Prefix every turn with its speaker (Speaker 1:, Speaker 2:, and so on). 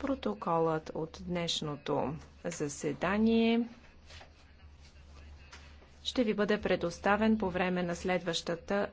Speaker 1: Протоколът от днешното
Speaker 2: заседание ще ви бъде предоставен по време на следващата